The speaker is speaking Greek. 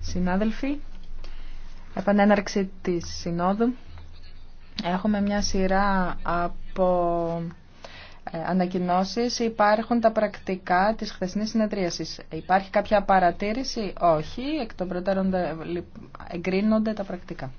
Συνάδελφοι, επανέναρξη της Συνόδου. Έχουμε μια σειρά από ε, ανακοινώσεις. Υπάρχουν τα πρακτικά της χθεσινής συνεδρίασης. Υπάρχει κάποια παρατήρηση. Όχι. Εκ των προτέρων εγκρίνονται τα πρακτικά.